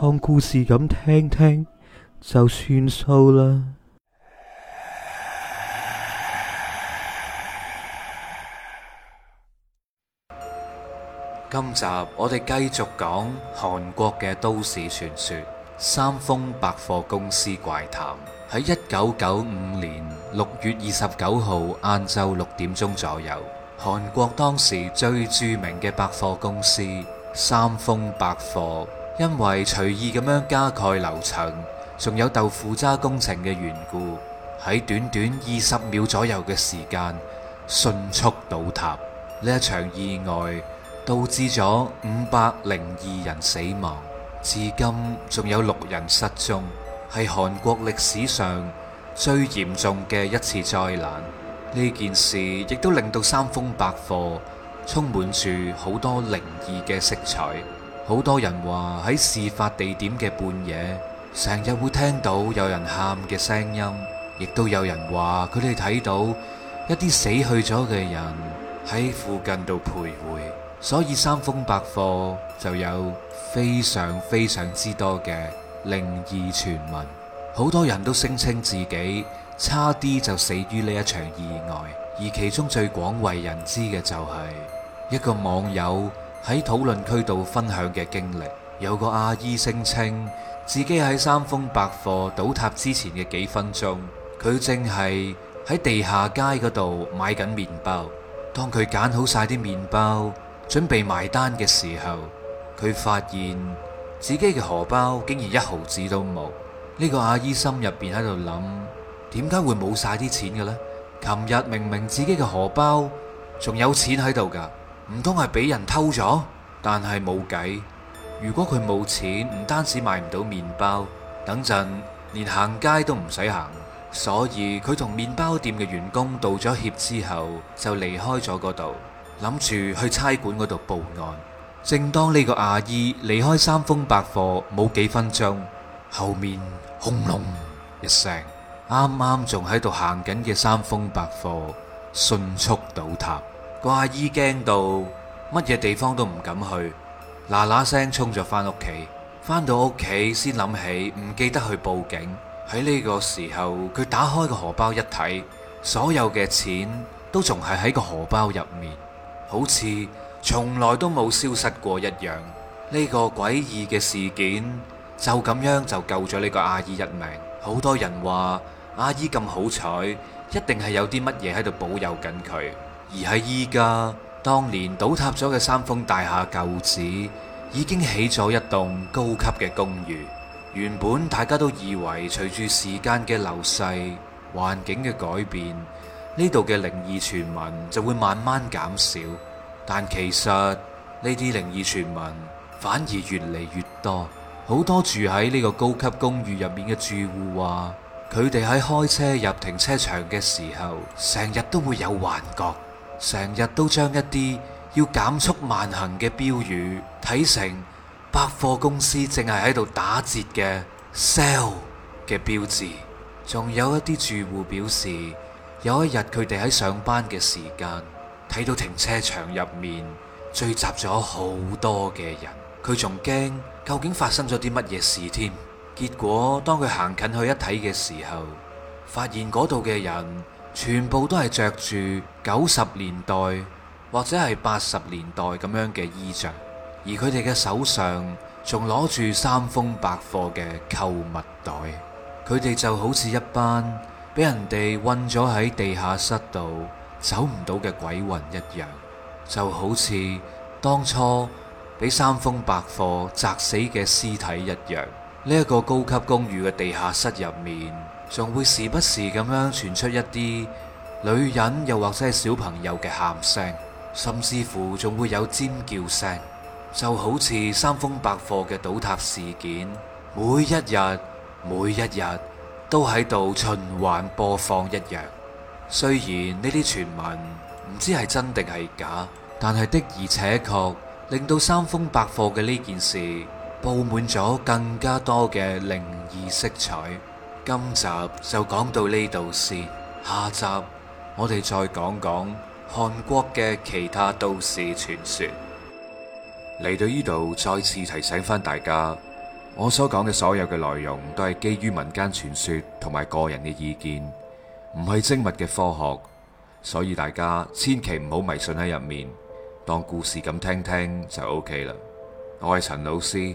當故事咁聽聽就算數啦。今集我哋繼續講韓國嘅都市傳說《三豐百貨公司怪談》。喺一九九五年六月二十九號晏晝六點鐘左右，韓國當時最著名嘅百貨公司三豐百貨。因為隨意咁樣加蓋樓層，仲有豆腐渣工程嘅緣故，喺短短二十秒左右嘅時間，迅速倒塌。呢一場意外導致咗五百零二人死亡，至今仲有六人失蹤，係韓國歷史上最嚴重嘅一次災難。呢件事亦都令到三豐百貨充滿住好多靈異嘅色彩。好多人話喺事發地點嘅半夜，成日會聽到有人喊嘅聲音，亦都有人話佢哋睇到一啲死去咗嘅人喺附近度徘徊，所以三豐百貨就有非常非常之多嘅靈異傳聞。好多人都聲稱自己差啲就死於呢一場意外，而其中最廣為人知嘅就係一個網友喺討論區度分享嘅經歷，有個阿姨聲稱自己喺三豐百貨倒塌之前嘅幾分鐘，佢正係喺地下街嗰度買緊麵包。當佢揀好晒啲麵包，準備埋單嘅時候，佢發現自己嘅荷包竟然一毫子都冇。呢個阿姨心入邊喺度諗，點解會冇晒啲錢嘅呢？琴日明明自己嘅荷包仲有錢喺度噶。唔通係俾人偷咗，但係冇計。如果佢冇錢，唔單止買唔到麵包，等陣連行街都唔使行。所以佢同麵包店嘅員工道咗歉之後，就離開咗嗰度，諗住去差館嗰度報案。正當呢個阿姨離開三豐百貨冇幾分鐘，後面轟隆一聲，啱啱仲喺度行緊嘅三豐百貨迅速倒塌。個阿姨驚到乜嘢地方都唔敢去，嗱嗱聲衝咗返屋企。返到屋企先諗起唔記得去報警。喺呢個時候，佢打開個荷包一睇，所有嘅錢都仲係喺個荷包入面，好似從來都冇消失過一樣。呢個詭異嘅事件就咁樣就救咗呢個阿姨一命。好多人話阿姨咁好彩，一定係有啲乜嘢喺度保佑緊佢。而喺依家，當年倒塌咗嘅三豐大廈舊址已經起咗一棟高級嘅公寓。原本大家都以為隨住時間嘅流逝，環境嘅改變，呢度嘅靈異傳聞就會慢慢減少。但其實呢啲靈異傳聞反而越嚟越多。好多住喺呢個高級公寓入面嘅住戶話，佢哋喺開車入停車場嘅時候，成日都會有幻覺。成日都將一啲要減速慢行嘅標語睇成百貨公司淨係喺度打折嘅 sell 嘅標誌。仲有一啲住戶表示，有一日佢哋喺上班嘅時間睇到停車場入面聚集咗好多嘅人，佢仲驚究竟發生咗啲乜嘢事添。結果當佢行近去一睇嘅時候，發現嗰度嘅人。全部都係着住九十年代或者係八十年代咁樣嘅衣着，而佢哋嘅手上仲攞住三豐百貨嘅購物袋，佢哋就好似一班俾人哋困咗喺地下室度走唔到嘅鬼魂一樣，就好似當初俾三豐百貨砸死嘅屍體一樣。呢一個高級公寓嘅地下室入面，仲會時不時咁樣傳出一啲女人又或者係小朋友嘅喊聲，甚至乎仲會有尖叫聲，就好似三豐百貨嘅倒塌事件，每一日每一日都喺度循環播放一樣。雖然呢啲傳聞唔知係真定係假，但係的而且確令到三豐百貨嘅呢件事，佈滿咗更加多嘅靈異色彩。今集就講到呢度先，下集我哋再講講韓國嘅其他都市傳說。嚟到呢度再次提醒翻大家，我所講嘅所有嘅內容都係基於民間傳說同埋個人嘅意見，唔係精密嘅科學，所以大家千祈唔好迷信喺入面，當故事咁聽聽就 OK 啦。我係陳老師。